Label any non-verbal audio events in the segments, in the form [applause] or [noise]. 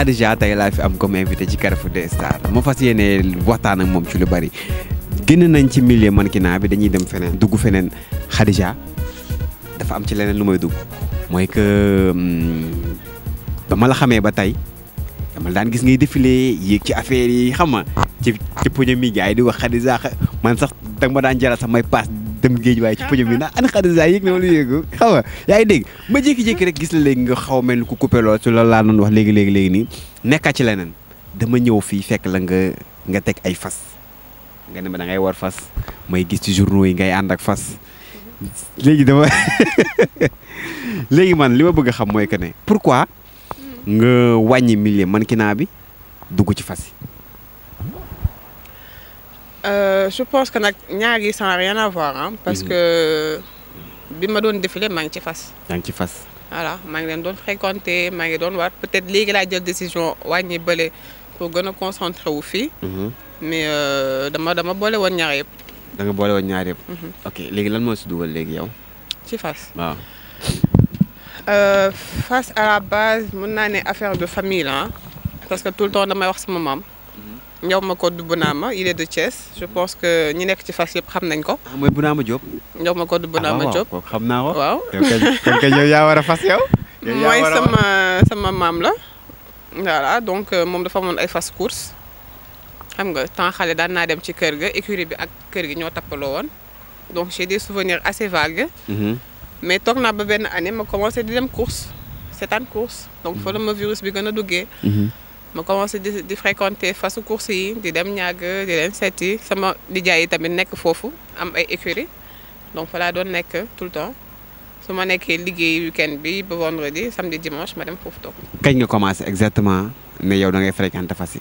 Khadija tey laa fi am comme invité ci Carrefour des Stars ma fas yéene waxtaan ak moom ci lu bari génn nañ ci milieu mannequinat bi dañuy dem feneen dugg feneen Khadija dafa am ci leneen lu may dugg mooy que hmm, ba ma la xamee ba tey dama daan gis ngay défilé yéeg ci affaire yi xam nga ci ci poñe mi gars yi di wax Khadija man sax danga ma daan jaral sax may paas dem géej waaye ci pojo bi naa ane xarit saa yëg na wala yëgu xaw ma yaa ngi dégg ma jékki-jékki rek gis la léegi nga xaw mel ni ku coupé lool ci loolu laa doon wax léegi léegi léegi nii nekkaat ci leneen dama ñëw fii fekk la nga nga teg ay fas nga ne ma da ngay war fas may gis ci journaux yi ngay ànd ak fas léegi dama [laughs] léegi man li ma bëgg a xam mooy que ne pour pourquoi hmm. nga wàññi millier mannequinat bi dugg ci fas yi Euh, je pense que ça rien à voir hein, parce mhm. que bi ma défilé ci ci voilà leen fréquenté ngi peut-être léegi laa jël décision wàññi bële pour nous concentrer concentré wu fi mhm. mais euh, dama dama bolé won ñaar yépp da nga ñaar yépp mhm. ok légui lan mo ci légui yow. ci face. Euh, face, à la base mon année affaire de famille hein, parce que tout le temps dama wax sama Ndioma Codou Bounama il est de Thiès je pense que ñi nek ci Fass yépp xam nañ ko. Moy ah, mooy Bounama Diop. ko du Bounama ah, Diop xam na ko. waaw kon kay yow ya wara a fas yow. Moy sama sama mam la. voilà donc euh, moom dafa amoon ay fas course xam nga temps xalé da na dem ci kër ga écurie bi ak kër gi ñoo tapalo won. donc j'ai des souvenirs assez vagues. Mhm. mais toog naa ba ben année ma commencé di dem course C'est seetaan course donc fa le virus bi gëna duggé. duggee. Mhm ma commencé di di fréquenter face course yi di dem ñag di dem seet sama di yi tamit nek fofu am ay écurie donc fa laa doon tout le temps su ma nekkee liggéey weekend bi ba vendredi samedi dimanche ma dem foofu toog. kañ nga commencé exactement ne yow da ngay fréquenter fas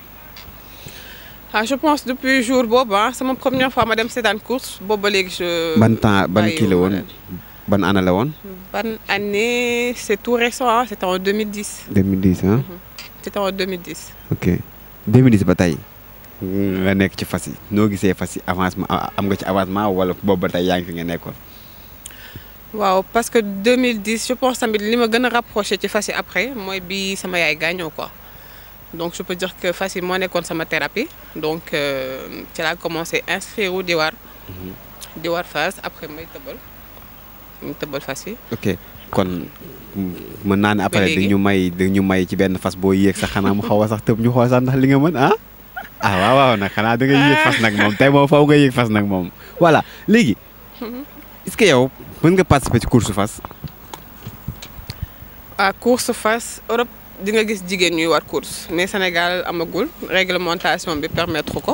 ah je pense depuis jour boobu c'est ah, sama première fois ma dem dans course boobu ba je. ban temps ban kii la ban année la woon. ban année c'est tout récent ah c'était en 2010. 2010 hein mhm ci en 2010. ok 2010 bataille. tey nga nekk ci fas yi noo gisee fas yi avancement am nga ci avancement wala boobu ba tey yaa ngi nga nekkoon. waaw parce que 2010 je pense tamit li ma gën a rapproché ci fas yi après mooy bi sama yaay gaañoo quoi donc je peux dire que fas yi moo nekkoon sama thérapie donc euh, ci laa commencé inscrire wu di war. Mhm. di war fas après may tëbal may tëbal fas yi. ok kon mën naa ne après ñu may ñu may ci benn fas boo yéeg sax xanaa mu xaw a sax tëb ñu xool sax ndax li nga mën ah ah waaw waaw nag xanaa da nga yéeg fas nag moom tey moom faw nga yéeg fas nag moom voilà léegi est-ce que yow mën nga participer ci course fas waaw ah, course fas Europe di nga gis jigéen ñuy war course mais Sénégal amagul réglementation bi permettre ko ko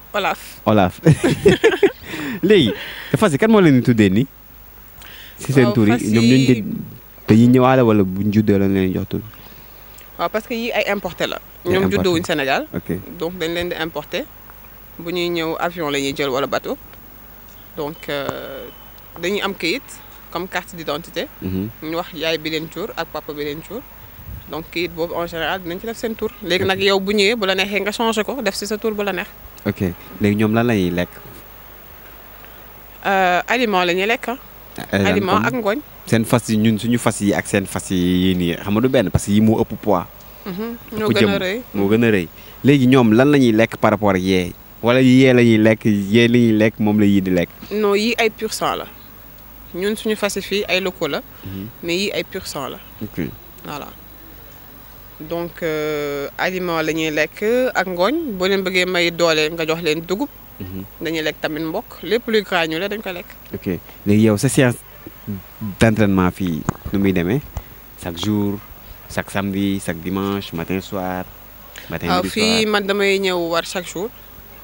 Olaf. Olaf. [laughs] léegi dafa si kan moo leen di tuddee nii. si seen oh, tur yi ñoom ñooñu de dañuy ñëwaale wala buñ juddoo lañ leen jox tur. waaw parce que yi ay importé la. ñoom juddoo wuñ Sénégal. donc dañ leen di importé bu ñuy ñëw avion la ñuy jël wala bateau donc euh, dañuy am kayit comme carte d'identité. Mhm. ñu wax yay bi leen tur ak papa bi leen tur. donc kayit boobu en général dinañ ci def sen tour. léegi nag yow bu ñëwee bu la neexee nga changé ko def si sa tour bu la neex ok léegi ñoom lan la ñuy lekk. Euh, aliment la ñuy lekk ah. euh, aliment ak ngooñ. seen fas yi ñun suñu parce que yi moo ëpp poids. Mhm, ñoo gën a rëy moo mhm. gën lan par rapport ak yee wala yee la ñuy lekk yee la ñuy lekk la non pur sang la ñun suñu mhm. mais yii ay pur sang ok voilà donc euh, aliment la ñuy ak may nga jox mhm. dañuy luy ok yow sa séance d'entraînement fi chaque jour chaque samedi chaque dimanche matin soir. matin ah, man chaque jour.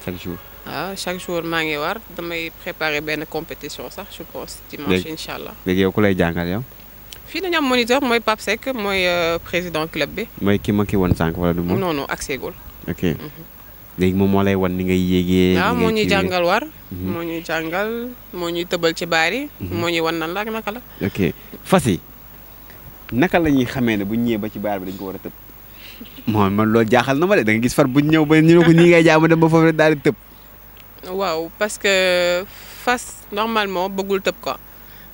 chaque jour Ah, chaque jour ngi war damay préparer compétition je pense dimanche Inshallah. yow fii dañu am moniteur mooy Pape Seck mooy euh, président club bi. mooy ki ma ki woon sànq wala du moom. non non accès gul. ok mhm. léegi moom moo lay wan ni ngay yéegee. waaw moo ñuy jàngal war. Mhm. moo ñuy jàngal moo ñuy tëbal ci baar yi. Mhm. moo ñuy nan la ak naka la. ok fas naka la ñuy xamee ne bu ñëwee ba ci baar bi dañ ko war a tëb. moom man loolu jaaxal na ma de da nga gis far bu ñëw ba ñu ne ko ñii ngay jaamu dem ba foofu daal di waaw parce que fas normalement bëggul tëb quoi.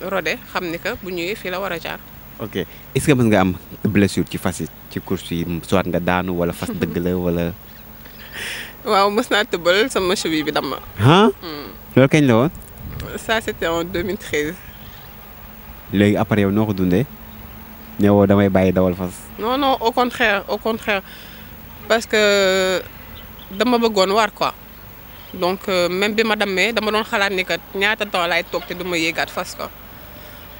rodé xam ni que bu ñëwee fi la wara jaar. ok est-ce que mën nga am blessure ci fas ci course yi soit nga daanu wala fas [laughs] dëgg la wala. waaw mës na tëbbal sama cheville bi ma. Hein? Hmm. loolu kañ la woon. ça c'était en 2013. léegi après yow noo dundé dundee. ñëwoo damay bàyyi dawal fas. non non au contraire au contraire parce que dama bëggoon war quoi donc euh, même bi ma dammee dama doon xalaat ni kat ñaata temps laay toog te du ma yéegaat fas quoi.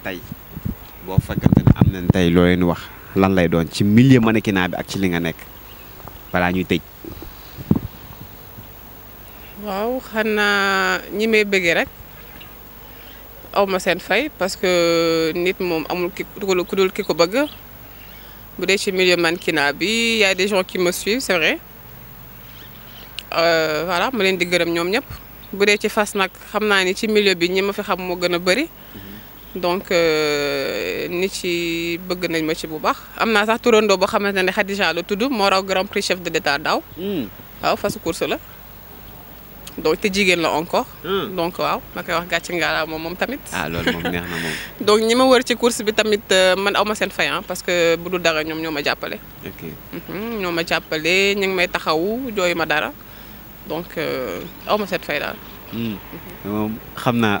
tey boo fekkante ne am nañ tey loo wax lan lay doon ci milieu mannequinat bi ak ci li nga nekk balaa ñuy tëj. waaw xanaa ñi may bëggee rek aw ma seen fay parce que nit moom amul ki ku dul ki ko bëgg bu dee ci milieu mannequinat bi y a des gens qui me euh, ma leen di gërëm ñoom ñëpp bu dee ci fas nag xam naa ni ci milieu bi ñi ma fi xam moo gën a bari. Mhm. donc euh, nit ci bëgg nañ ma ci bu baax am naa sax turandoo boo xamante ne Khadija la tudd moo raw grand prix chef de l'état daaw. Hmm. waaw fasu course la donc te jigéen la encore. Hmm. donc waaw ma koy wax gàcce ngaalaa moom moom tamit. ah loolu moom neex na moom. [laughs] donc ñi ma wër ci course bi tamit euh, man aw ma seen fay hein, parce que bu dul dara ñoom ñoo ma jàppale. ok mhm, ñoo ma jàppale ñu ngi may taxawu jooyu ma dara donc euh, aw ma seen fay daal. moom mhm. xam naa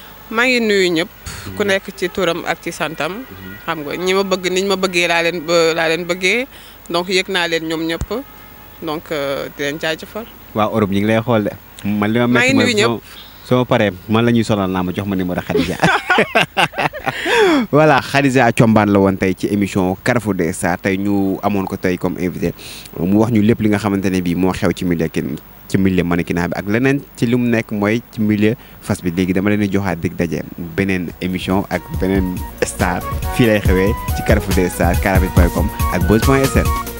maa ngi nuyu ñëpp ku nekk ci turam ak ci santam xam nga ñi ma bëgg niñ ma bëggee laa leen laa leen bëggee donc yëg naa leen ñoom ñëpp donc euh, di leen fa waa Europe ñu ngi lay xool de. man li ma métti mooy soo paree man la ñuy sonal naa ma jox ma numéro Khadija. [laughs] voilà Khadija Thiombane la woon tey ci émission Carrefour des Stars tey ñu amoon ko tey comme invité mu wax ñu lépp li nga xamante ne bii moo xew ci milieu kin ci milieu mannequinat bi ak leneen ci li mu nekk mooy ci millier fas bi léegi dama leen di joxaat dig daje beneen émission ak beneen star fii xewee ci Carrefour des Stars carrefour.com ak buzz.sn